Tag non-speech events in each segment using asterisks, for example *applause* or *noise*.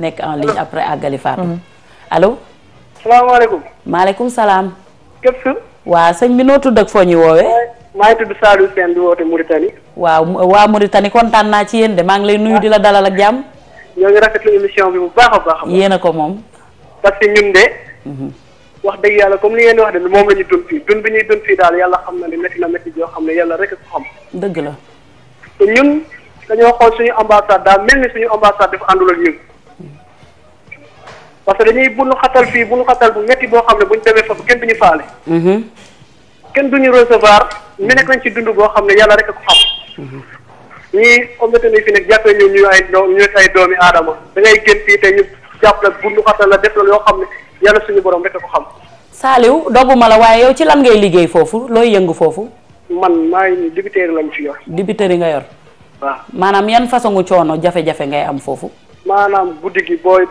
nekk en ligne après àggali Fatou. Mm-hmm. allo. salaamaaleykum. maaleykum salaam. képp si. waaw sëñ bi noo tudd ak foo ñu maa ngi tudd Saliou Sène di woote Mauritanie. waaw waa Mauritanie kontaan naa ci yéen de maa ngi lay nuyu di la dalal ak jàmm. ñoo ngi rafetlu émission bi bu baax a baax. yéen a ko moom. parce que ñun de. Mm-hmm. wax dëgg yàlla comme li ngeen di wax de moom la daal yàlla xam na ne métti na métti joo xam ne yàlla rek a ko xam. dëgg la. te ñun dañoo xool suñu ambassade daal mel ni parce que dañuy bunu xatal fii bunu xatal bu métti boo xam ne buñ demee foofu kenn duñu faale. Mhm. kenn duñu recevoir ñu nekk ci dund boo xam ne yàlla rek a ko xam. Mhm. ñii comité bi fi nekk jàppee ñu ñu ay doom ñu ay doomi aadama da ngay génn def la yoo xam ne yàlla suñu borom rek a ko xam. Saliou dogguma la waaye yow ci lan ngay liggéey foofu looy yëng foofu. man maa ngi dibiteri lañ fi yor. dibiteri nga yor. waaw maanaam yan façon coono jafe-jafe ngay am foofu. maanaam guddi gi booy.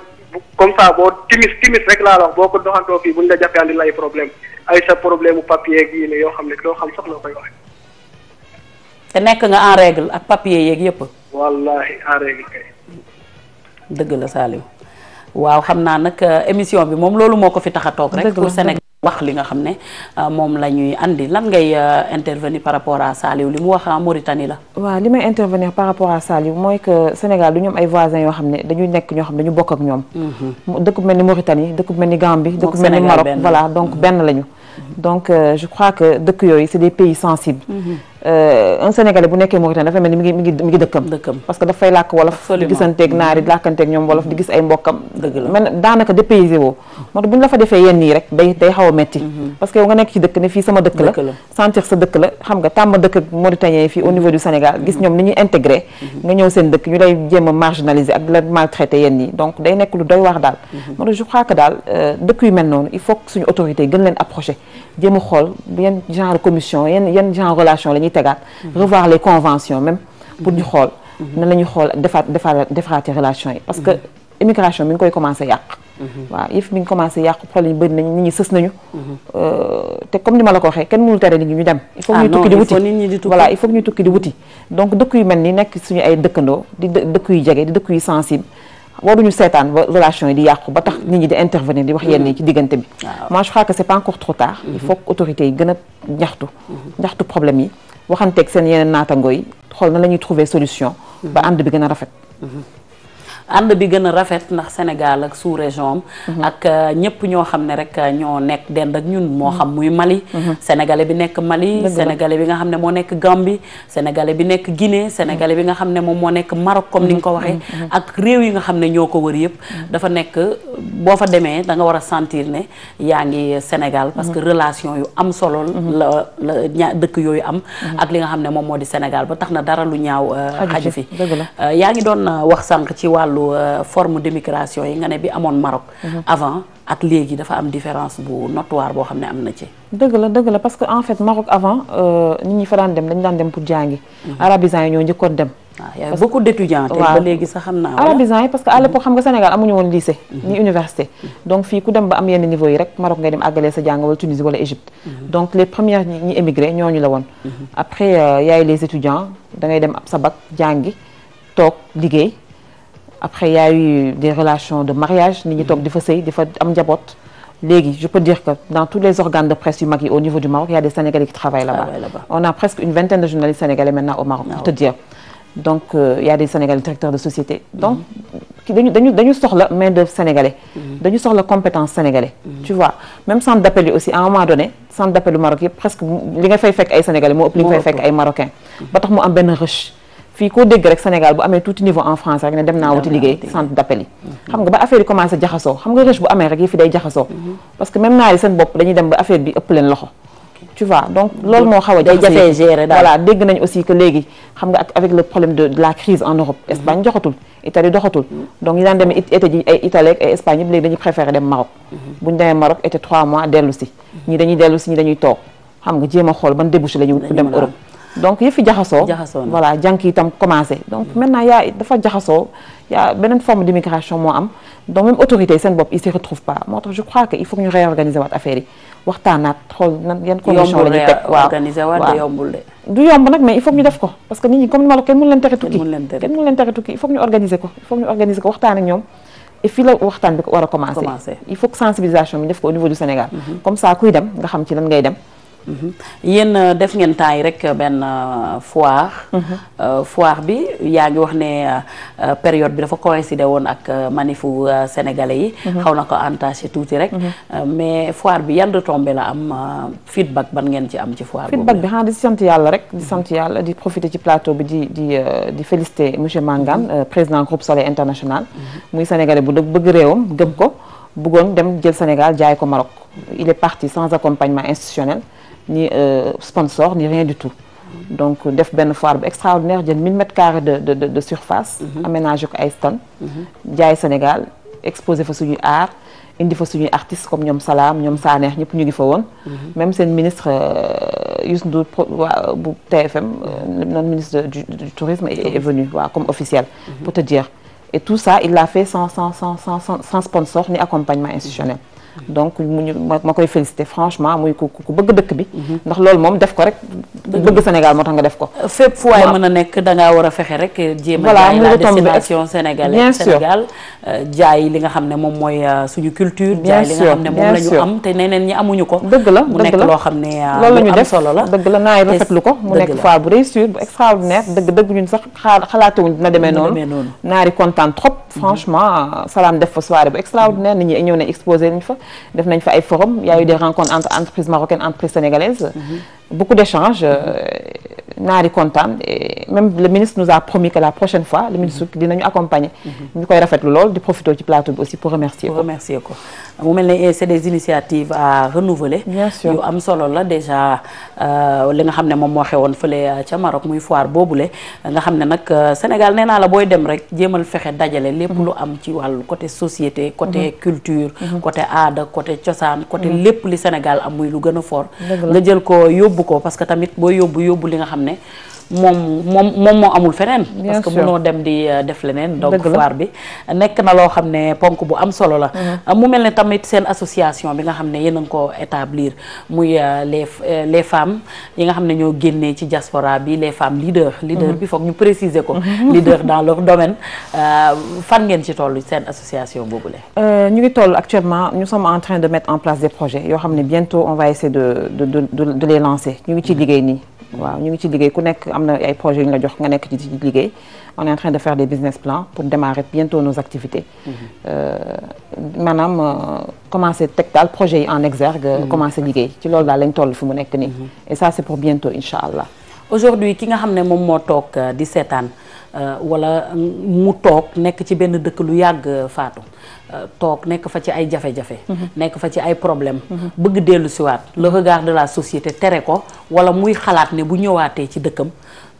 comme ça boo timis timis rek laa la wax boo ko doxantoo fii bu ñu la jàppee andi lay problème ay sa problème mu papier gi ne yoo xam ne loo xam sax noo koy waxe te nekk nga en régle ak papier yeeg yëpp. wallahi en règle kay. dëgg la Saliou waaw xam naa nag euh, émission bi moom loolu moo ko fi tax a toog rek pour Sénégal. wax li nga xam ne euh, moom la ñuy andi lan ngay euh, intervenir par rapport à Saliou li mu wax euh, Mauritanie la. waaw li may intervenir par rapport à Saliou mooy que Sénégal du ñu ay voisins yoo xam ne dañuy nekk ñoo xam ne dañu bokk ñoom. Mhm. dëkk mel ni Mauritanie dëkk mel ni Gambie. dëkk mel ni Maroc voilà donc mhm. benn lañu. donc euh, je crois que dëkk yooyu c'est des pays sensibles. Mhm. Euh, un sénégalais bu nekkee Mauritanie dafa mel ni mi ngi mi ngi mi ngi dëkkam. dëkkam parce que daf fay làkk wolof. di gisanteeg naari di mhm. làkkanteeg ñoom wolof di gis ay mbokkam. dëgg la man woo. moo bu ñu la fa defee yenn yi rek day day xaw mhm. parce que yow nga nekk ci dëkk ne fii sama dëkk la. sentir sa dëkk la xam nga tàmm dëkk ak fii au niveau du Sénégal gis ñoom ni ñuy intégré. nga ñëw seen dëkk ñu lay jéem a marginaliser ak day nekk lu doy wax daal. moo tax je crois que daal euh, dëkk yu mel noonu jéem xool yan genre commission yenn yan genre relation la ñuy tegaat. revoir les conventions même. pour ñu xool. Mhm. nan la ñuy xool defaat defaat defaraate relation yi. parce que mhm. immigration mi ngi koy commencé yàq. Mhm. waaw yëf mi ngi commencé yàq problème yi bëri nañu nit ñi sës nañu. Euh, te comme ni ma la ko waxee kenn mënul tere nit ñi ñu dem. il faut ñu tukki di wuti voilà donc dëkk yu mel ni nekk suñu ay dëkkandoo di dëkk yu jege di dëkk yu sensible. ñu seetaan ba relation yi di yàqu ba tax nit ñi di intervenir di wax yenn yi ci diggante bi moi je crois que c'est pas encore trop tard il faut que autorités yi gën a ñaxtu mhm. ñaxtu problème yi waxanteeg seen yeneen naatango yi xool na la ñuy trouver solution mhm. ba ànd bi gën a rafet mhm. ànd bi gën a rafet ndax Sénégal ak sous-région am mhm. ak euh, ñëpp ñoo xam ne rek euh, ñoo nekk dend ak ñun moo mhm. xam muy Mali mhm. sénégalais bi nekk Mali sénégalais bi nga xam ne moo nekk Gambie sénégalais bi nekk Guinée sénégalais bi nga xam ne moom moo nekk Maroc comme ni nga ko waxee ak réew yi nga xam ne ñoo ko wër yëpp dafa nekk boo fa demee da nga war a sentir ne yaa ngi Sénégal parce que relation yu am solo la dëkk yooyu am ak li nga xam ne moom moo di Sénégal ba tax na dara lu ñaaw euh, xaju fi yaa ngi doon wax sànq ci wàllu wàllu euh, forme d'émigration yi nga ne bi amoon Maroc mhm. avant ak léegi dafa am différence bu notoire boo xam ne am na ci dëgg la dëgg la parce que en fait Maroc avant euh, nit ñi fa daan dem dañ pour jàngi mhm. arabisants ah, yi parce que à l'époque mhm. xam nga Sénégal amuñu woon lycée ni université donc fii ku dem ba am yenn niveau yi rek Maroc ngay dem àggalee sa jàng wala Tunisie wala Égypte donc les premières ñi émigré ñooñu la woon après yaay euh, les étudiants da dem ab sa après y a eu des relations de mariage nit toog di fa sëy di fa am njaboot léegi je peux dire que dans tous les organes de presse yu mag yi au niveau du Maroc y a des Sénégalais qui travaillent ah là-bas on a presque une vingtaine de journalistes sénégalais maintenant au Maroc pour te ah dire donc euh, y des Sénégalais directeurs de société mm-hmm. donc dañu dañu dañu soxla main d'œuvre sénégalais mm-hmm. compétence sénégalais mm-hmm. tu vois même centre d'appel yi aussi à un moment donné centre d'appel yu Maroc nga fay nga fay fekk ay marocains tax mu am benn rush fii ko dégg rek Sénégal bu amee tuuti niveau en France rek ne dem naa wuti liggéey centre d'appel yi xam nga ba affaire yi commencé jaxasoo xam nga rëche bu amee rek yi fi day jaxasoo mm-hmm. parce que même naar yi seen bopp dañuy dem ba affaire bi ëpp leen loxo tu vois donc loolu moo xaw a jafe gérer daal voilà dégg nañ aussi que léegi xam nga avec le problème de la crise en Europe mm-hmm. Espagne joxatul Italie doxatul mm-hmm. donc ñi daan demee été ji ay Italie ay Espagne yëpp léegi dañuy mois dellu si dañuy dellu si ñi dañuy toog xam nga jéem a xool ban la dem Europe donc yëfi jaxasoo jaxasoo voilà jànk itam commencé donc maintenant yaa dafa jaxasoo yaa beneen forme d'immigration moo am donc même autorité seen bopp ils se retrouvent pas moo tax je crois que il faut ñu réorganiser waat affaire yi waxtaanaat xool il faut ñu ni ma la kenn mënu leen tere tukki kenn mënu leen tere tukki il faut que ñu organiser ko il waxtaan ñoom bi war a commencer il faut que sensibilisation bi def ko au niveau du Sénégal mm-hmm. comme ça kuy dem nga xam ci lan ngay dem Mhm. yenn euh, def ngeen temps yi rek benn euh, foire. Mhm. Euh, foire bi yaa ngi wax ne période bi dafa coïncider woon ak manifu sénégalais yi. Mhm. xaw na ko entaché tuuti rek. mais foire bi yan retombées la am feedback ban ngeen ci am ci foire bi feedback bi xanaa di sant yàlla rek di sant yàlla di profiter ci plateau bi di di di féliciter monsieur Mangane président groupe Soleil international. muy sénégalais bu bëgg réewam gëm ko bëggoon dem jël Sénégal jaay ko Maroc il est parti sans accompagnement institutionnel. ni euh, sponsor ni rien du tout donc def benn foir bu extraordinaire jël 1000 mètres de de de surface. Mhm. aménagé ko ay stand. Mhm. jaay Sénégal exposé fa suñuy art indi fa suñuy artistes comme ñoom Salaam ñoom Saneex ñëpp ñu ngi fa woon. Mhm. même seen ministre euh, Youssou Ndour bu TFM euh, non ministre du du tourisme est venu waaw comme officiel. pour te dire et tout ça il l'a fait sans sans sans sans sans sponsor ni accompagnement institutionnel. donc mu ma koy félicité franchement muy ku ku bëgg dëkk bi. ndax loolu moom def ko rek. bëgg Sénégal moo tax nga def ko. fépp fu waay mën a nekk da ngaa war a fexe rek. jéem a jaay la destination sénégalaise Sénégal. Euh, jaay li nga xam ne moom mooy euh, suñu culture. jaay li nga xam ne te neneen ñi amuñu ko. dëgg la mu nekk loo xam ne euh, lu am solo la dëgg la naay rafetlu ko mu nekk fois bu réussir bu extraordinaire dëgg dëgg ñun sax xalaatu wuñ dina demee noonu naari kontaan trop mhm. franchement salaam def fa soirée bu extraordinaire nit ñi ñëw ne exposé nañ fa def nañ fa ay forum y a eu des rencontres entre entreprises marocaines entreprises sénégalaises mhm. beaucoup d'échanges euh, naari kontaan même le ministre nous a promis que la prochaine fois le ministre mhm. dinañu accompagner mhm. ñu koy rafetlu lool di profité ci plateau bi aussi pour remercier pour ko mu mel ne c'est des initiatives à renouveler yu am solo la déjà euh, li nga xam ne moom moo xewoon fële euh, ca Maroc muy foire le nga xam ne nag Sénégal nee la booy dem rek jéemal fexe dajale lépp lu am ci wàllu côté société côté culture aada côté cosaan côté mm. lépp li Sénégal am muy lu gën a fort nga jël ko yóbbu ko parce que tamit boo yóbbu yóbbu li nga xam ne moom moom moom moo amul feneen. parce que mënoo dem di euh, def leneen. donc foire bi nekk na loo xam ne ponk bu am solo la. Mm-hmm. Euh, mu mel ne tamit seen association bi nga xam ne yéen a ngi ko établir muy euh, les les femmes yi nga xam ne ñoo génnee ci diaspora bi les femmes leaders. Mm-hmm. leader bi foog ñu préciser ko. Mm-hmm. leader *laughs* dans leur domaine fan ngeen ci toll seen association boobule. ñu ngi toll actuellement nous sommes en train de mettre en place des projets yoo xam ne bientôt on va essayer de de de de les lancer ñu ngi ciy liggéey nii. waaw ñu ngi ci liggéey ku nekk am na ay projets yu la jox nga nekk ci ci liggéey on est en train de faire des business plans pour démarrer bientôt nos activités mm-hmm. euh, maanaam euh, commencer teg daal projets yi en exergue mm-hmm. commencer liggéey ci loolu daal lañ toll fi mu nekk nii mm-hmm. et ça c'est pour bientôt incha allah aujourd'hui ki nga xam ne moom moo toog euh, di seetaan Euh, wala mm, mu toog nekk ci benn dëkk lu yàgg euh, faatu euh, toog nekk fa ci ay jafe-jafe mhm. nekk fa ci ay problème mhm. bëgg dellu siwaat le regard la société tere ko wala muy xalaat ne bu ñëwaatee ci dëkkam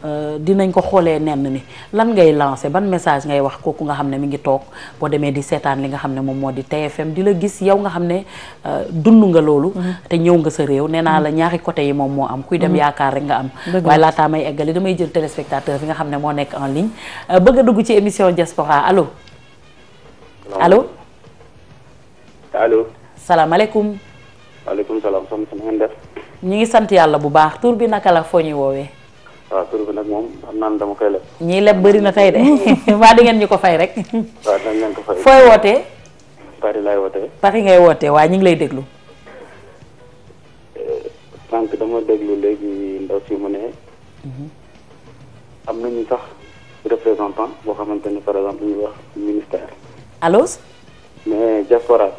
Euh, dinañ ko xoolee nenn ni lan ngay lancé ban message ngay wax kooku nga xam ne mi ngi toog boo demee di seetaan li nga xam ne moom moo di TFM di la gis yow nga xam ne euh, dund nga loolu mm-hmm. te ñëw nga sa réew nee naa la mm-hmm. ñaaxi côté yi moom moo am kuy dem mm-hmm. yaakaar rek nga am waaye laataa may eggali damay jël téléspectateur yi nga xam ne moo nekk en ligne euh, bëgg a dugg ci émission diaspora allo allo allo salaamaaleykum waaleykum salaam soxna si ngeen def ñu ngi sant yàlla bu baax tur bi naka la foo ñuy woowee waaw tur bi nag moom xam naa ne dama koy leb. ñii leb bari na tey de *laughs* waa di ngeen ñu ko fay rek. waaw da ko fay. fooy wootee. Paris laay wootee. Paris ngay wootee waaye ñu ngi lay déglu. Euh, sànq dama déglu léegi ndaw si mu ne. Mhm. am na nañu sax représentant boo xamante ni par exemple ñuy wax ministère. allo. mais diaspora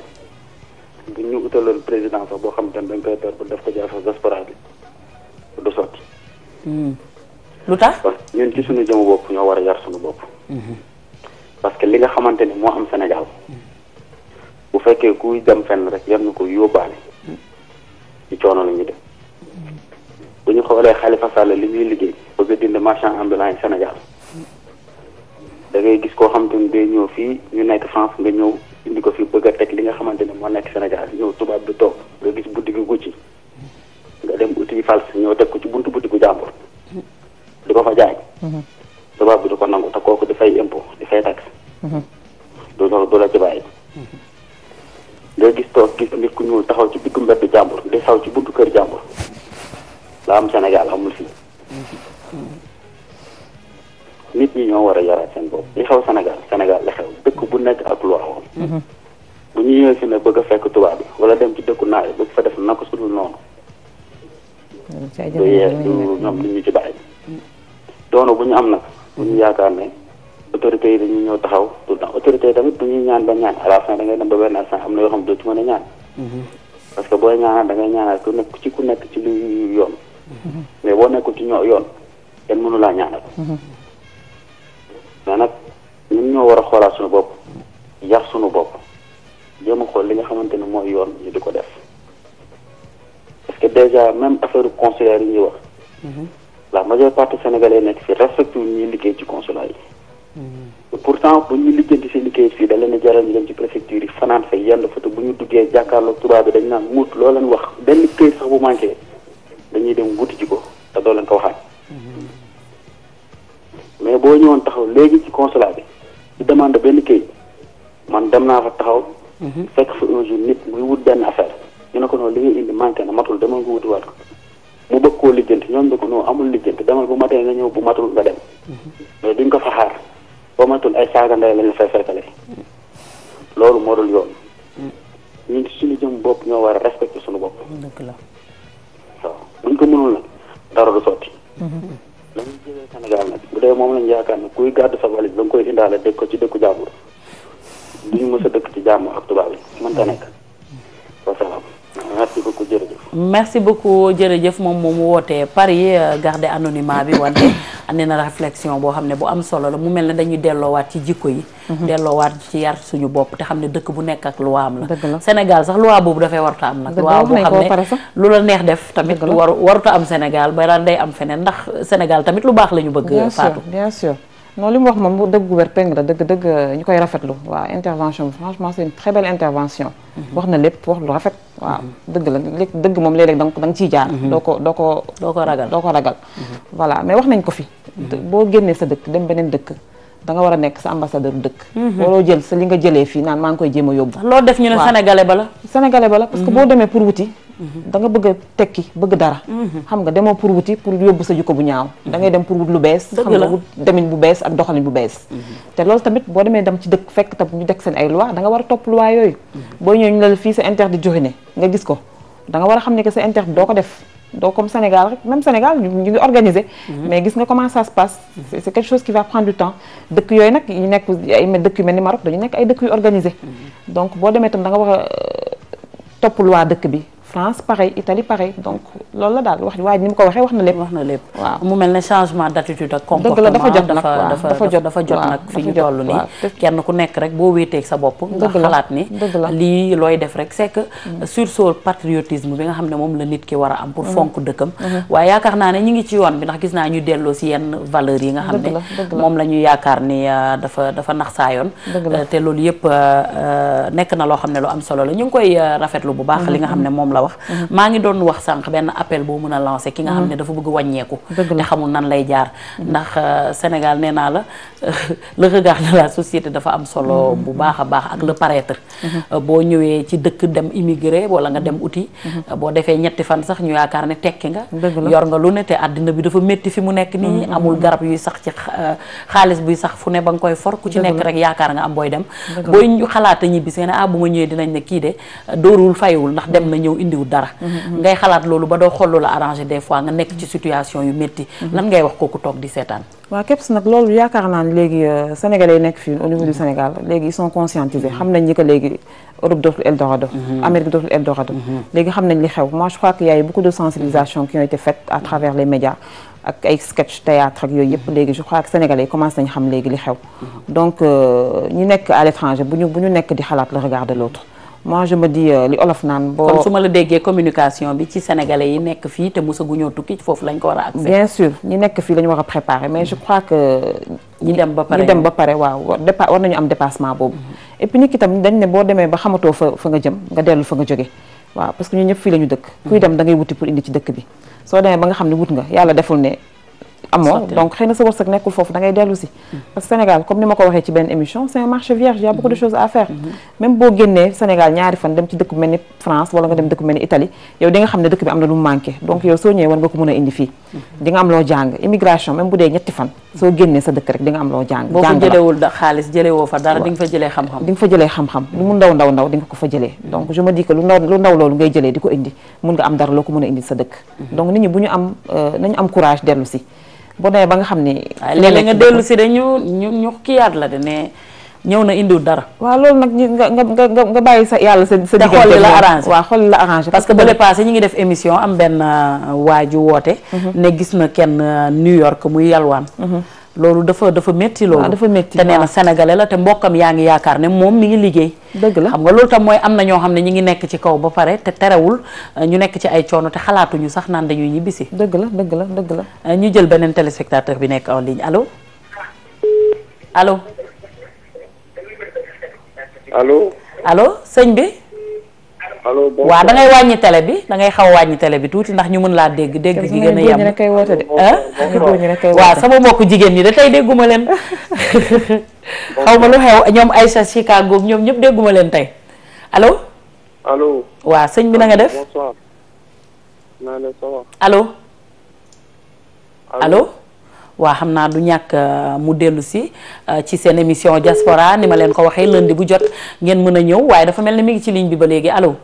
bi bu ñu utaloon président sax boo xamante ni dañ koy def ko jaay sax diaspora bi du sotti. Hmm. lu tax parce ñun ci suñu jëmu bopp ñoo war a yar suñu bopp. Mhm. parce que li nga xamante ni moo am Sénégal. Mhm. bu fekkee kuy dem fenn rek yar na ko yóbbaale. Mhm. ci coono la ñuy def. bu ñu xoolee Khalifa Sall li ñuy liggéey bëgg a dindi marchand ambulant yi Sénégal. dangay gis koo xamante ni day ñëw fii ñu nekk France nga ñëw indi ko fi bëgg a teg li nga xamante ni moo nekk Sénégal ñëw tubaab bi toog nga gis boutique gu Gucci nga dem uti fals ñëw teg ko ci bunt boutique gu jàmbur. di ko fa jaay. Mhm. tubaab bi du ko nangu te kooku di fay impôt di fay tax. Mhm. du la ci bàyyi. Mhm. nga gis toog gis nit ku ñuul taxaw ci diggu mbedd jàmbur di saw ci buntu kër jàmbur la am Sénégal amul fii. nit ñi ñoo war a yaraat seen bopp li xew Sénégal Sénégal la xew dëkk bu nekk ak lu waxoon. bu ñu ñëwee fi ne bëgg a fekk tubaab bi wala dem ci dëkku naay bëgg fa def naka su dul noonu. loolu ñoom li ci bàyyi. doono bu ñu am nag bu ñu yaakaar ne autorités yi dañuy ñëw taxaw tout le temps autorités yi tamit du ñuy ñaan ba ñaan à la fin dem ba benn am na yoo xam ne doo mhm. que booy ñaanal da ngay ñaanal ku ku nekk ci lu yoon mhm. mais boo nekkul ci ñoo yoon kenn mënu laa ñaanal mhm. mais nag ñun ñoo war a xoolaat suñu bopp yar suñu bopp jéem a xool li nga xamante ne mooy yoon ñu di ko def parce que déjà même affaire conseillère yi ñuy wax la majeure partie sénégalais nekk fi respecté ñuy liggéey ci consulat yi. pourtant bu ñuy liggéeyanti seen liggéey fii da leen a jaral ñu dem ci préfecture yi fanaan fa yenn fa bu ñu duggee jàkkaarloog tubaab bi dañ naan muut loo leen wax benn këyit sax bu manqué dañuy dem wuti ci ko te doo leen ko waxaat. mais boo ñëwoon taxaw léegi ci consulat bi di demande benn këyit man dem naa fa taxaw. Mhm. fekk fa un jour nit muy wut benn affaire ñu ne ko noonu li indi manqué na matul dama nga wutiwaat mu bëgg koo lijjanti ñoom ni ko non amul lijjanti demal bu matee nga ñëw bu matul nga dem mhm. mais duñ ko fa xaar boo matul ay saaga ndey lañu fay fekkale mhm. loolu moo dul yoon mhm. ñun jëm bopp ñoo war a respecté suñu bopp waaw buñ ko mënul nag dara du sotti lañu jëlee moom lañu yaakaar ne kuy gàddu sa valise da nga koy dëkk ko ci dëkku jàmbur duñu mës a dëkk ci jàmm ak tubaab yi mënta nekk wasalaam merci beaucoup jërëjëf. merci beaucoup jërëjëf moom moomu wootee Paris euh, garder anonymat bi wante *coughs* andi na réflexion boo xam ne bu am solo la mu mel ne dañuy delloowaat ci jikko yi. Mhm. delloowaat ci yar suñu bopp te xam ne dëkk bu nekk ak loi am la. Sénégal sax loi boobu dafay warut am nag. loi bu xam ne lu la neex def tamit waru waruta am Sénégal ba daan day am feneen ndax Sénégal tamit lu baax la ñu bëgg. Fatou non li mu wax moom bu dëggu wér péng la dëgg dëgg ñu koy rafetlu waaw intervention bi franchement c'est une très belle intervention mhm. wax na lépp wax lu rafet waaw mhm. dëgg la léeg dëgg moom léeg-léeg danga da nga ciy jaar mhm. doo ko doo ko doo ko ragal doo ko ragal voilà mais wax nañ ko fi boo génnee sa dëkk dem beneen dëkk da nga war a nekk sa ambassadeur dëkk waroo jël sa li nga jëlee fii naan maa ngi koy jéem a yóbbu loo def ñu ne sénégalais ba la sénégalais parce que boo demee pour wuti da nga bëgg a tekki bëgg dara mhm. xam nga demoo pour wuti pour yóbbu sa jikko bu ñaaw mhm. da ngay dem pour wut lu bees xam nga wut demin bu bees ak doxalin bu bees mhm. te loolu tamit boo demee dem ci dëkk fekk tam ñu deg seen ay loi da nga war a topp loi yooyu boo ñëwee ñu ne nga gis ko da war a xam ne que c'est interdit ko def donc comme Sénégal rek même Sénégal mais gis nga comment ça se passe c'est quelque yooyu nag ñu nekk ay dëkk yu mel ni Maroc dañu nekk ay dëkk yu organisé donc boo demee tam nga war a euh, topp loi dëkk bi France pareil Italie pareil donc loolu la daal wax waaye ni mu ko wax na lépp. mu mel ne changement d'attitude ak comportement dafa jot nag fi ñu nii kenn ku nekk rek boo wéeteeg sa bopp nga xalaat ni lii looy def rek c'est que mm. patriotisme bi nga xam ne moom la nit ki war a am pour mm-hmm. fonk dëkkam mm-hmm. waaye yaakaar naa ne ñi ngi ci yoon bi ndax gis naa ñu delloo si yenn valeurs yi nga xam ne moom la la wax mhm. maa ngi doon wax sànq benn appel boo mën a lancé ki nga xam mhm. ne dafa bëgg wàññeeku te xamul nan lay jaar mhm. ndax euh, Sénégal nee naa la *laughs* le regard de la société dafa am solo mm-hmm. bu baax a baax ak le paraître mm-hmm. euh, boo ñëwee ci dëkk dem immigré wala nga dem uti mm-hmm. euh, boo defee ñetti fan sax ñu yaakaar ne tekki nga yor nga lu ne te àddina bi dafa métti fi mu nekk nii amul garab yuy sax ci euh, xaalis buy sax fu ne ba nga koy for ku ci nekk rek yaakaar nga am booy dem booy xalaata ñibbi si nga ne ah bu ma ñëwee dinañ ne kii de dóorul faywul ndax dem na ñëw indiwul dara ngay xalaat loolu ba doo xollu la arrangé des fois nga nekk ci situation yu métti lan ngay wax kooku toog di seetaan waaw KEPS nag loolu yaakaar naa ne léegi euh, sénégalais yi nekk fii au niveau du mm-hmm. Sénégal léegi ils sont conscientisés xam nañ ni que léegi Europe dootul Eldorado mm-hmm. Amérique dootul Eldorado mm-hmm. léegi xam nañ li xew moi je crois qu'il y beaucoup de sensibilisation qui ont été faites à travers les médias ay sketch théâtre ak yooyu yëpp léegi je crois que sénégalais yi commencé nañ xam léegi li xew donc euh, ñu nekk à l'étranger bu ñu bu ñu nekk di xalaat le regard de moi je me dis euh, li olof naan boo. kon su ma la déggee communication bi ci sénégalais yi nekk fii te mosagu ñoo tukki foofu lañ ko war a accès. bien sûr ñi nekk fii lañu ñu war a préparer mais je crois que. ñi dem ba pare ñi dem ba pare waaw war nañu am dépassement boobu. Mm-hmm. et puis nit ki tam dañ ne boo demee ba xamatoo fa nga jëm nga dellu fa nga jóge waaw parce que ñun ñëpp fii la ñu dëkk. kuy mm-hmm. dem da ngay wuti pour indi ci dëkk bi soo demee ba nga xam ne wut nga yàlla deful ne. amoo donc xëy na sa wërsëg nekkul foofu da ngay dellu si mm-hmm. parce que Sénégal comme ni ma ko waxee ci benn émission c'est un marché vierge y a de mm-hmm. choses à faire mm-hmm. même boo génnee Sénégal ñaari fan dem ci dëkk mel France wala nga dem dëkk mel ni Italie yow xam ne dëkk bi am na lu mu manqué donc yow soo ñëwee war a indi fii di nga am loo jàng fan soo génnee sa dëkk rek di nga am loo jàng boo ko xaalis jëlewoo fa dara di nga fa jëlee xam-xam fa jëlee xam-xam lu mu ndaw ndaw ndaw di nga ko fa jëlee donc je me dis que lu ndaw am dara loo ko mën sa dëkk donc nit am euh, nañu am si bu nee ba nga xam ni. léeg-léeg nga dellu si dañu ñu ñu yaat la de ne ñëw na indiwul dara. waaw loolu nag nga nga nga nga bàyyi sa yàlla sa sa. diggante xool li la arrangé waa xool li la arrangé. parce que ba le passé ñu ngi def émission am benn euh, waaju woote. Mhm. ne gis na kenn euh, New York muy yalwaan. Mhm. loolu dafa dafa métti loolu. dafa metti te nee na sénégalais la te mbokkam yaa ngi yaakaar ne moom mi ngi liggéey. dëgg la xam nga loolu tam mooy am na ñoo xam ne ñu ngi nekk ci kaw ba pare te terewul euh, ñu nekk ci ay coono te xalaatuñu sax naan dañuy ñibbisi. dëgg la dëgg la dëgg la. Euh, ñu jël beneen téléspectateur bi nekk en ligne allo allo. allo. allo sëñ bi. allo bon waaw da wàññi télé bi da ngay xaw a wàññi tele bi tuuti ndax ñu mën laa dégg dégg gi gën a yem rek kay woote de ah? waaw sama mbokku jigéen ñi de tey dégguma leen *laughs* xaw ma lu xew ñoom Aïssa Chicago ñoom ñëpp dégguma leen tey allo allo sëñ bi na nga def allo allo waa xam naa du ñàkk euh, mu dellu si euh, ci seen émission diaspora ni ma leen ko waxee lundi bu jot ngeen mën a ñëw waaye dafa mel ni mi ngi ci ligne bi ba léegi allo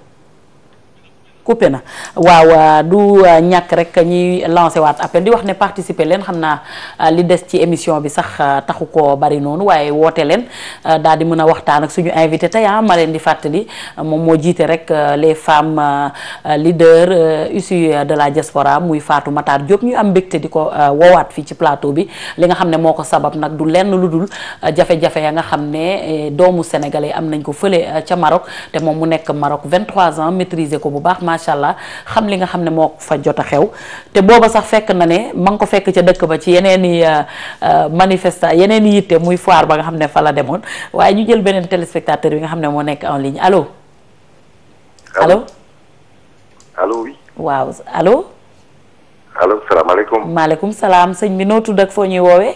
coupé na waaw euh, du euh, ñàkk rek ñuy lancé waat appel di wax ne participer leen xam naa euh, li des ci émission bi sax taxu ko bari noonu waaye woote leen daal di mën a waxtaan ak suñu invité tey ah, ma leen di fàttali moom moo jiite rek les femmes leaders ussi de la diaspora muy faatu mataat Diop ñu am mbégte di ko woowaat fii ci plateau bi li nga xam ne moo ko sabab nag du lenn lu dul jafe-jafe ya nga xam ne doomu sénégalais am nañ ko fële ca Maroc te moom mu nekk Maroc 23 ans maîtriser ko bu macha allah xam li nga xam ne moo fa jot a xew te booba sax fekk na ne ma ngi ko fekk ca dëkk ba ci yeneen i euh, euh, manifesta yeneen i yitte muy foire ba nga xam ne fa la demoon waaye ñu jël beneen téléspectateur bi nga xam ne moo nekk en ligne allo. allo allo oui. salaam sëñ bi noo tudd ak foo ñuy woowee.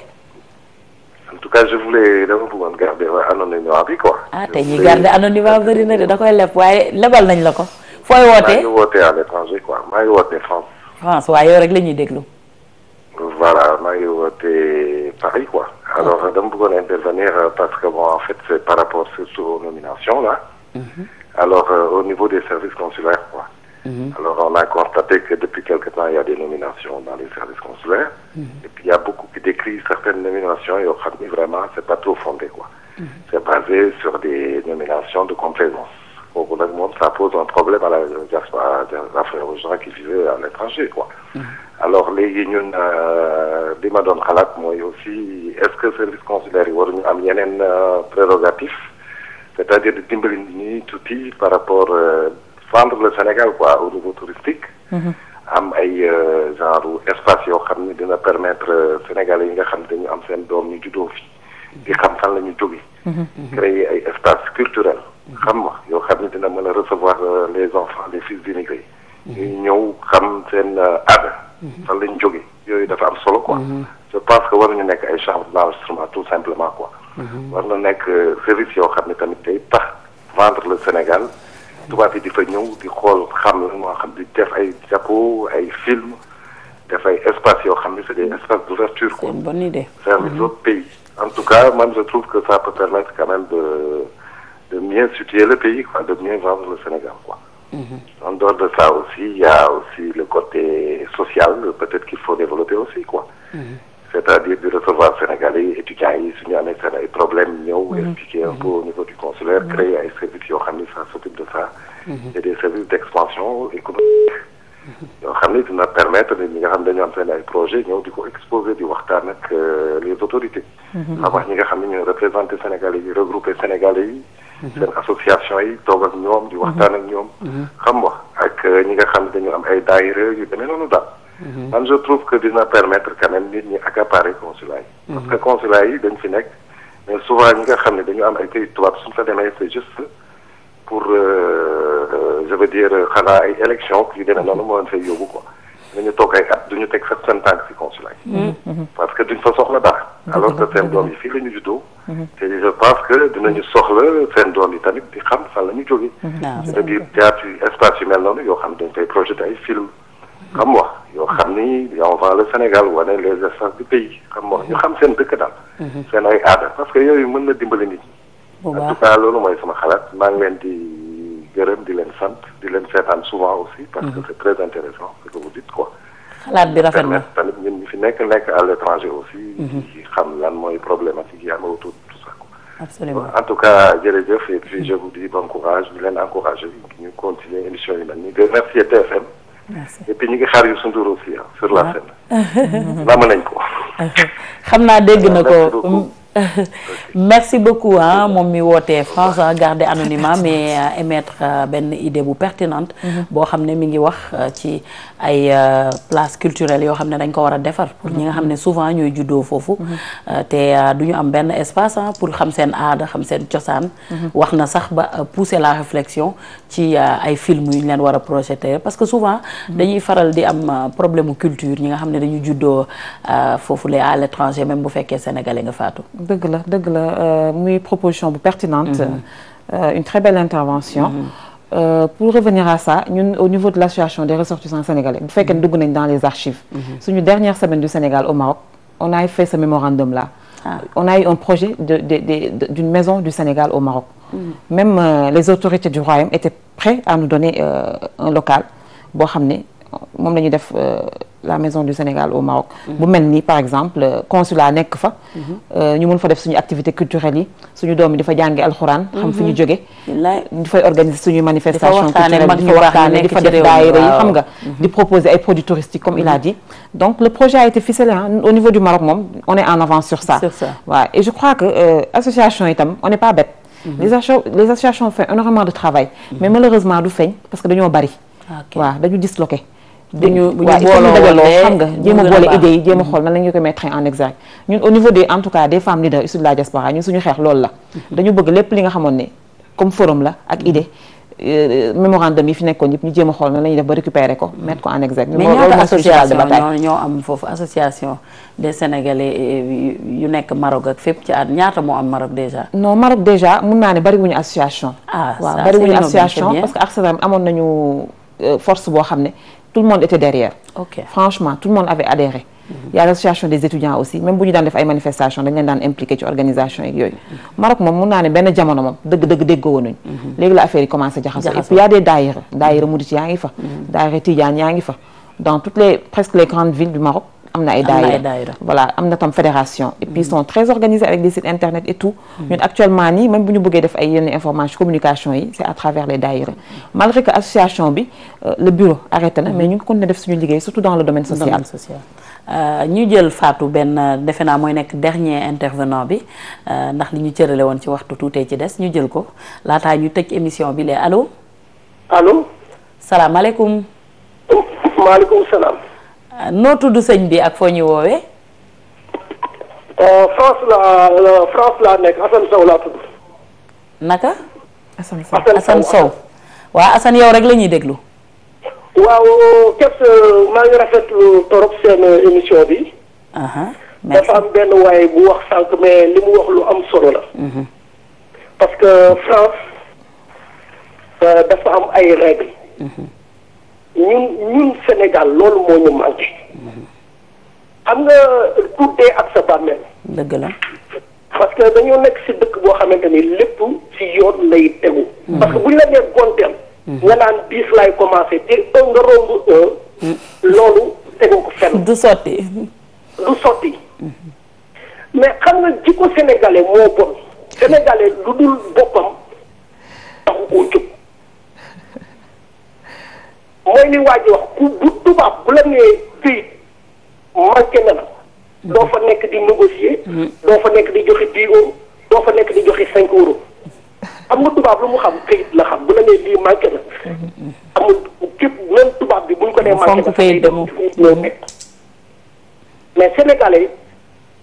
en tout cas je voulais dama bëggoon garder na ah, de da koy leb waaye lebal nañ la ko. fooy wootee maa l'étranger quoi maa ngi wootee France. France waaye yow rek la ñuy déglu. voilà maa ngi Paris quoi. alors dama bëggoon intervenir euh, parce que bon en fait c'est par rapport surtout aux nominations là. Mhm. alors euh, au niveau des services consulaires quoi. Mhm. Alors on a constaté que depuis quelque temps il y a des nominations dans les services consulaires mhm. et il y a beaucoup qui décrivent certaines nominations yoo xam ni vraiment c'est pas trop fondé quoi. C'est basé sur Kooku nag moom sa pose un problème à la diaspora aux gens qui vivaient à l'étranger quoi. alors léegi ñun li euh, ma doon xalaat mooy aussi est-ce que service consulaire yi waruñu am yeneen euh, prérogatif c'est-à-dire di dimbali ñi tuuti par rapport euh, vendre le Sénégal quoi au niveau touristique. Mm-hmm. am ay genre espace yoo xam ni dina permettre sénégal yi nga xam dañu am seen doom ñu juddoo fi. di xam fan la ñu jógee. Mm-hmm. créer ay culturel xam nga yoo xam ne dina mën a recevoir euh, les enfants les fils d'immigrés mhm. ñuy ñëw xam seen euh, aada. Mhm. fan lañ jóge yooyu dafa am solo quoi. Mhm. je pense que war nekk ay chambres d'enregistrement tout simplement quoi. war na nekk euh, service yoo xam ne tamit day tax vendre le Sénégal tubaab yi di fa ñëw di xool xam la moo xam di def ay jàppo ay film def espace yoo xam ne c'est des espaces d'ouverture quoi. c'est une bonne idée. service d'autres pays en tout cas man je trouve que ça peut permettre quand de mieux situer le pays, quoi, de mieux vendre le Sénégal. Quoi. Mm -hmm. En dehors de ça aussi, il y a aussi le côté social, peut-être qu'il faut développer aussi. quoi. Mm -hmm. C'est-à-dire de recevoir Sénégalais, étudiants, si nous avons des problèmes, nous expliquer un mhm. peu au niveau du a mhm. créer un service qui s'occupe de ça. Mhm. Et des services d'expansion économique. yoo xam ne dina permettre nit ñi nga xam ne dañu am seen ay projet ñëw di ko exposer di waxtaan ak euh, les autorités. xam ñi nga xam ne ñooy représenté Sénégalais yi regroupé Sénégalais yi. Mhm. seen association yi toog ak ñoom di waxtaan ak ñoom mhm. Mhm. xam wax ak euh, ñi nga xam ne dañu am ay daayira yu demee noonu daal man je trouve que dina permettre quand même nit ñi accaparer consulat yi dañ fi nekk mais souvent ñi nga xam ne dañu am ay kayit tubaab suñu fa demee c'est juste pour euh, euh, je veux dire xanaa ay élection yu demee noonu moo leen fay yóbbu quoi dañu toog ay at duñu teg sax seen tànk si consulat yi parce que duñ fa alors que seen doom yi fii la ñu juddoo Mhm. te je pense que dinañu soxla seen doom yi tamit di xam fan la ñu jógee. Mhm. Ah, c'est-à-dire théâtre espace yu mel noonu yoo xam dañ koy projeté ay film xam wax yoo xam ni on vend le Sénégal wane les espaces du pays xam wax ñu xam seen dëkk daal. Mhm. seen ay aada parce que yooyu mën na dimbali nit ñi. en tout cas loolu mooy sama xalaat maa ngi leen di gërëm di leen sant di leen seetaan souvent aussi. parce que c'est très intéressant ce que vous dites quoi. xalaat bi rafet na tamit ñun ñu fi nekk nekk à l'étranger aussi. ci mhm. xam lan mooy problématique yi am autour de tout ça. absolument en tout cas jërëjëf et puis je vous dis bon courage di leen encouragé ñu continuer émission yi mel nii de remercier TFM. merci et puis ñu ngi xaar yu sundur aussi sur la ah. scène. namm nañ ko. *laughs* xam naa dégg ko. *laughs* merci beaucoup ah moom mi wootee France garder anonymat *laughs* mais euh, émettre euh, benn idée bu pertinente. Mm-hmm. boo xam ne mi ngi wax euh, ci ay place culturelle yoo xam ne dañ ko war a defar. pour ñi nga xam ne mm-hmm. souvent ñooy juddoo foofu. Mm-hmm. te du ñu am benn espace pour xam seen aada xam seen cosaan. wax na sax ba pousser la réflexion ci ay film yu ñu leen war a projeté parce que souvent. dañuy faral di am problème mu culture ñi nga xam ne dañu juddoo foofu la à l'étranger même bu fekkee sénégalais nga faatu. dëgg la dëgg la euh, muy proposition bu pertinente. Mhm. Euh, une très belle intervention. Mhm. Euh, pour revenir à sa ñun au niveau de l'association des ressortissants sénégalais bu fekkee mhm. dugg nañ dans les archives. suñu dernière semaine du Sénégal au Maroc on a fait ce mémorandum ah. projet de de d'une maison du Sénégal au Maroc. Mmh. Même euh, les autorités du royaume étaient prêtes à nous donner un local boo xam ne moom la ñuy la maison du Sénégal au Maroc. bu mel ni par exemple euh, consulat nekk fa. Euh, ñu mun fa def suñu activité culturelle yi suñu doom yi dafa jàngi alxuraan. xam fu ñu mhm. jóge. ñu fay organiser suñu manifestation culturelle di fa waxtaane di fa def daayira yi xam nga. di mhm. proposer ay produits touristiques comme il a dit. donc le projet a été ficelé au niveau du Maroc moom on est en avance sur ça. waaw et je crois que euh, association itam on n'est pas bête. Mhm. les associations font énormément du feeñ parce que dañoo bari. waaw ah, dañu disloqué. bu ñu bu ñu booloo xam nga jéem a boole idées yi jéem a xool nan la ñu ko en exergue ñun au niveau des en tout cas des femmes leaders issues de la diaspora ñun suñu xeex loolu la dañu bëgg lépp li nga xamoon ne comme forum la ak idée euh, mémorandum yi fi nekkoon yëpp ñu jéem a xool na la ñuy def ba récupérer ko mettre ko en exergue mais ñaata association ñoo am foofu association des sénégalais euh, yu nekk Maroc fépp ci àdduna ñaata moo am Maroc déjà non Maroc déjà mun naa ne bari wuñu association ah waaw bari wuñu association parce que ak amoon nañu euh, force boo xam ne tout le monde était derrière. franchement tout le monde avait adhéré. Mhm. il y a des étudiants aussi même bu ñu daan def ay manifestations dañ leen daan impliqué ci organisation yooyu. Mhm. Maroc moom mun naa benn jamono moom dëgg dëgg déggoo woon nañu. Mhm. la affaire yi commencé jaxasoo et puis y a des daayira yaa ngi fa. daayira tijaan yaa ngi fa dans toutes les presque les grandes du Maroc. am na ay daayira voilà am na tam fédération et puis ils sont mm. très organisés avec des sites internet et tout mm. ñun actuellement nii même bu ñu bëggee def ay yenn information communication yi c'est à travers les daayira malgré que association bi euh, le bureau arrêté na mm. mais ñu ngi continuer def suñu liggéey surtout dans le domaine social euh, ñu jël Fatou benn defe naa mooy nekk dernier intervenant bi euh, ndax li ñu cërale woon ci waxtu tuutee ci des ñu jël ko laataa ñu tëj émission bi lee allo allo salaamaaleykum maaleykum salaam noo tudd sëñ bi ak foo ñu woowee. Euh, France laa France laa nekk Assane Sow laa tudd. naka. Assane Sow Assane Sow waaw Assane yow rek la déglu. waaw képp maa ngi rafetlu torop seen émission bi. dafa am benn waaye bu wax sànq mais li mu wax lu am solo la. Mhm. parce que France euh, dafa am ay règles. Mhm. ñun ñun Sénégal loolu moo ñu manqué xam nga tuddee ak sa bàmmeel dëgg la parce que dañoo nekk si dëkk boo xamante ni lépp si yoon lay tegu mm-hmm. parce que bu ñu la nee gonteel mm-hmm. nga naan dix laay commencé te un nga romb mm-hmm. loolu tegu ko fenn du sotti du sotti mais xam nga jikko sénégalais moo bon sénégalais lu dul boppam taxu koo jóg mooy li waa ji wax ku bu tubaab bu la nee fii manqué na la. doo fa nekk di négocier. doo fa nekk di joxe dix euros doo fa nekk di joxe cinq euros xam nga tubaab lu mu xam këyit la xam bu la nee lii manqué amul képp même tubaab bi buñ ko nee. manqué na këyit dafay mais sénégalais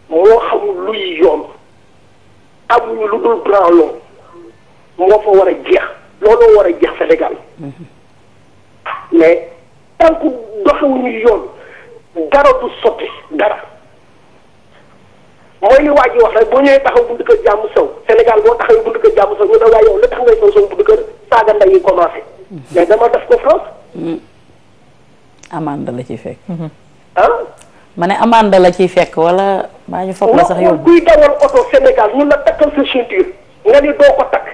moo xam luy yoon am amuñu lu dul branlon moo fa war a jeex looloo war a jeex Sénégal. mais tant que doxewuñu yoon dara du sotti dara mooy li waa ji wax rek boo ñëwee taxaw buntu kër jàmm sow Sénégal boo taxawee bu kër jàmm sow ñu ne waaye yow la tax ngay sow sow buntu kër saaga nday yi commencé. Mm-hmm. mais dama def ko France. Mm-hmm. amande la ci fekk. ah. ma ne amande la ci fekk wala. maa ñu foog la sax yow kuy dawal oto Sénégal ñun la takkal sa ceinture nga ni doo ko takk.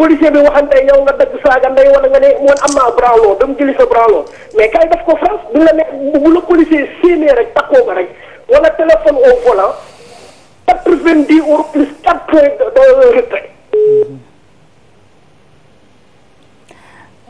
policier bi waxante yow nga dagg saaga ndey wala nga ne man am naa branlon dama jëli sa branlon mais kay def ko France du la ne bu la policier séenee rek takkoo ko rek wala téléphone au volant quatre-vingt-dix euros plus quatre points de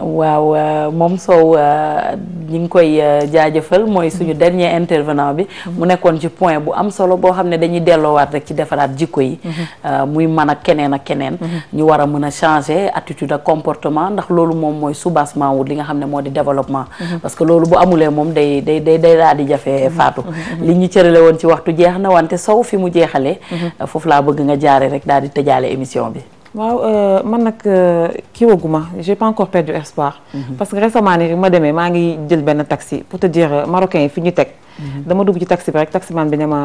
waaw euh, moom soow euh, ñi ngi koy euh, jaajëfal mooy suñu mm-hmm. dernier intervenant bi mm-hmm. mu nekkoon ci point bu am solo boo xam ne dañuy delloowaat rek ci defaraat jikko yi mm-hmm. muy man a keneen ak keneen ñu war a mën a changer attitude ak comportement ndax loolu moom mooy soubassement wu li nga xam ne moo di développement parce que loolu bu amulee moom day day day day daal di jafe faatu li ñu cërale woon ci waxtu jeex na wante Sow fi mu jeexalee foofu laa bëgg nga jaare rek daal di tëjaale émission bi waaw euh, man nag euh, kii waguma j'ai pas encore perdu espoir. Mhm. parce que récemment nii ma demee maa ngi jël benn taxi pour te dire euh, marocain yi fi ñu teg. Mhm. dama dugg ci taxi bi rek taximan bi ne ma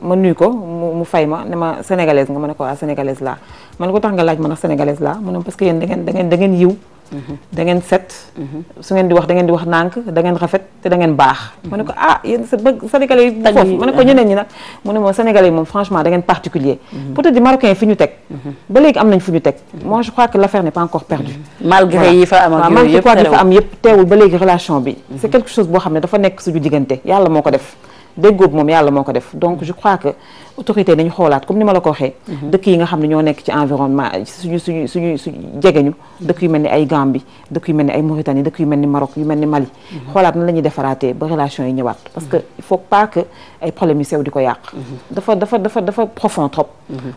ma nuyu ko mu fay ma ne ma sénégalaise nga ma ne ko waa sénégalaise laa. ma ne ko tax nga laaj ma nag sénégalaise laa mu ne parce que yéen da ngeen da ngeen ngeen yiw. da ngeen set su ngeen di wax da ngeen di wax nànk da ngeen rafet te da ngeen baax ma ne ko ah yéen sa bëgg sénégalais yi foofu ma ne ko ñeneen ñi nag mu ne moom sénégalais yi moom franchement da ngeen particulier mhm. pour te di marocain fi ñu teg mhm. ba léegi am nañ fi ñu teg moi je crois que l'affaire n'est pas encore perdue mhm. malgré yi fa am malgré quoi yi fa am yëpp teewul ba léegi relation bi c'est quelque chose boo xam ne dafa nekk suñu diggante yàlla moo ko def déggoo bi moom yàlla moo ko def donc je crois que autorité dañu xoolaat comme ni ma la ko waxee mhm. dëkk yi nga xam ne ñoo nekk ci environnement suñu suñu suñu suñu jegeñu mhm. dëkk yu mel ni ay Gambie dëkk yu mel ni ay Mauritanie dëkk yu mel ni Maroc yu mel ni Mali mhm. xoolaat na la ñuy defaraatee ba relation yi ñëwaat parce que il faut pas que ay problèmes yu sew di ko yàq dafa dafa dafa dafa profond trop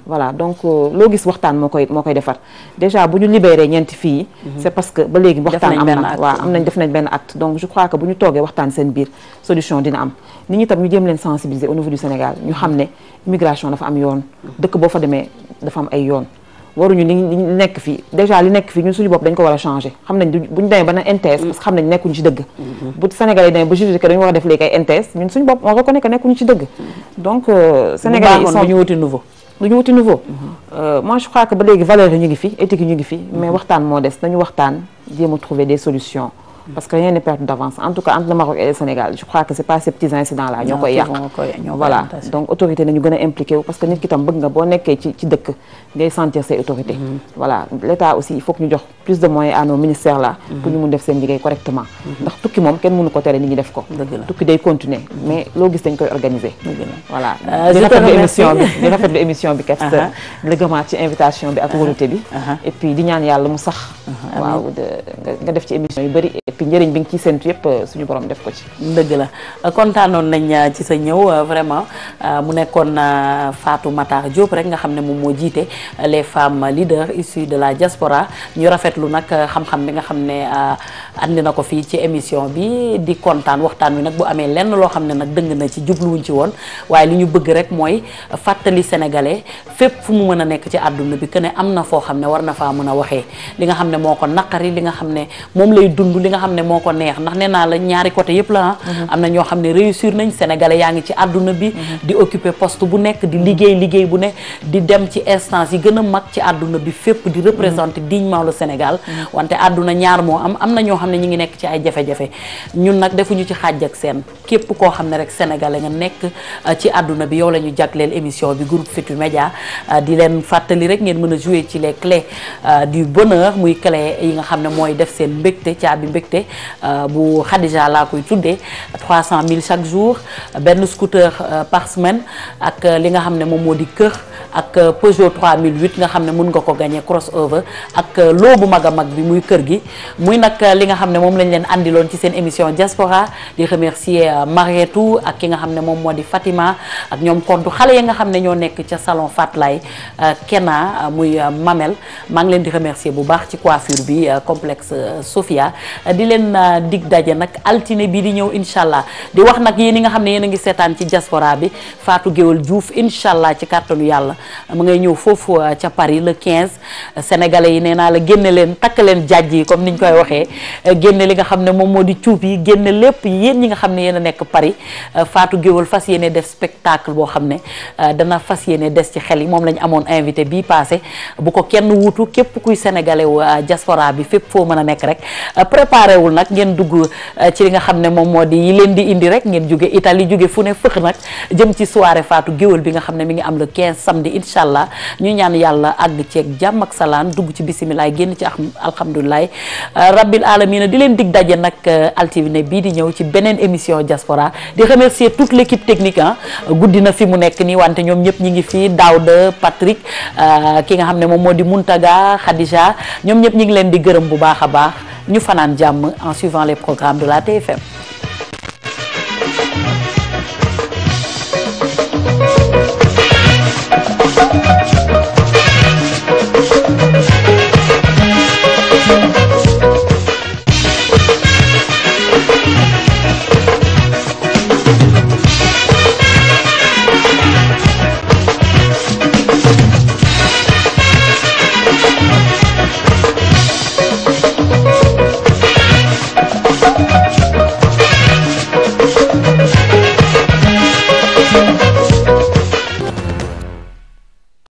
voilà donc euh, loo gis waxtaan moo koy moo koy defar déjà bu ñu libéré ñeenti fii parce que ba léegi waxtaan am na waaw benn at donc je que bu ñu toogee waxtaan seen biir solution dina am ñu jëm leen sensibiliser au niveau du Sénégal ñu xam ne immigration dafa am yoon dëkk boo fa demee dafa am ay yoon waruñu li nekk fii déjà li nekk fii ñu suñu bopp dañ ko war a changer xam nañ buñu demee ba na NTS parce que xam nañ nekkuñu ci dëgg bu Sénégal yi demee ba juge que dañu war a def léegi ay NTS ñun suñu bopp on reconnaît donc euh, Sénégal yi sont ñu wuti nouveau du ñu wuti nouveau euh, moi je crois que ba léegi valeur yi ñu ngi fi éthique yi ñu ngi fi mais waxtaan moo des nañu waxtaan jéem a trouver des solutions parce que rien n'est perdu d'avance en tout cas entre le Maroc et Sénégal je crois que c'est pas ces petits incidents là ñoo koy yàq voilà donc autorité nañu gën impliqué wu parce que nit ki tam bëgg nga boo nekkee ci dëkk ngay sentir ses autorités mm-hmm. voilà l'État aussi il faut que ñu jox plus de moyens à nos ministères là mm-hmm. pour ñu mun def seen liggéey correctement mm-hmm. ndax tukki moom kenn mënu ko tere nit ñi def ko tukki day continuer mais loo gis dañ koy *laughs* waaw nga def ci émission yu bëri et njëriñ bi nga ciy séntu yëpp euh, suñu borom def ko ci. dëgg la euh, kontaanoon nañ euh, ci sa ñëw vraiment mu nekkoon faatu Matar Diop rek nga xam ne moom moo jiite les femmes leaders issues de la diaspora ñu rafetlu nag xam bi nga xam ne andi na ko fii ci émission bi di kontaan waxtaan wi nag bu amee lenn loo xam ne nag dëng na ci jubluwuñ ci woon waaye li ñu bëgg rek mooy fàttali sénégalais fépp fu mu mën a nekk ci àdduna bi que ne am na foo xam ne war na faa mën a waxee ne moo ko naqari li nga xam ne moom lay dund li nga xam ne moo ko neex ndax nee la ñaari côté yëpp la ah. mhm. am na ñoo xam ne réussir nañ sénégalais yaa ngi ci àdduna bi mhm. di occuper poste bu nekk di liggéey bu ne di dem ci instance yi gën a mag ci àdduna bi fépp di représenter mhm. dignement le Sénégal wante àdduna ñaar moo am am na ñoo xam ne ñu ngi nekk ci ay jafe-jafe ñun nag defuñu ci xaaj ak seen képp koo xam ne rek sénégalais nga nekk euh, ci àdduna bi yow la ñu jagleel émission bi groupe Futurs Médias euh, di a jouer ci les clés euh, clé yi nga xam ne mooy def seen mbégte caabi mbégte euh, bu Khadija laa koy tuddee mille chaque jour benn scooter euh, par semaine ak euh, li nga xam ne moom moo di kër ak Peugeot 3008 nga xam ne mun nga ko gañee crossover ak loo bu mag a mag bi muy kër gi muy nag li nga xam ne moom lañ leen andiloon ci seen émission diaspora di remercier Marietou ak ki nga xam ne moom moo di Fatima ak ñoom kontu xale yi nga xam ne ñoo nekk ca salon Fatlay Kena muy Mamel maa ngi leen di remercier bu baax ci quoi coiffure bi euh, complexe euh, euh, di leen dig daje nag altine bi di ñëw incha allah di wax nag yéen ñi nga xam ne yéen a ngi seetaan ci diaspora bi Fatou Guéwal Diouf incha allah ci kàttanu yàlla mu ngay ñëw foofu ca Paris le 15 sénégalais yi nee naa la génne leen takk leen jàjj yi comme niñ koy waxee génne li nga xam ne moom moo di cuub yi génne lépp yéen ñi nga xam ne yéen a nekk Paris faatu Guéwal fas yéene def spectacle boo xam ne dana fas yéene des ci xel yi moom lañ amoon invité bi passé bu ko kenn wuutu képp kuy sénégalais diaspora bi fépp foo mën a nekk rek euh, préparé wul nag ngeen dugg euh, ci li nga xam ne moom moo di leen di indi rek ngeen jóge Italie jóge fu ne fëx nag jëm ci soirée Fatou Géwël bi nga xam ne mi ngi am le 15 samedi incha allah ñu ñaan yàlla àgg ceeg jàmm ak dugg ci bisimilah génn ci alhamdulilah euh, rabbil alamina di leen dig daje nag altine bii di ñëw ci beneen émission diaspora di remercier toute l' équipe technique ah guddi na fi mu nekk nii wante ñoom ñëpp ñi ngi fii Daouda Patrick ki nga xam ne moom moo di Muntaga Khadija ñoom ñëpp ñu ngi leen di gërëm bu baax a baax ñu fanaan jàmm en suivant les programmes de la TFM